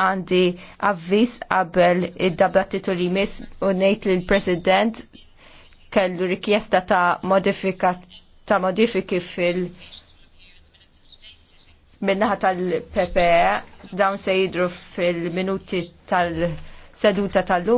għandi avvis qabel id-dabattitu li mis u nejt li l-President kellu rikjesta ta' modifika ta' modifiki fil- minnaħa tal-PPE dawn se jidru fil-minuti tal-seduta tal-lum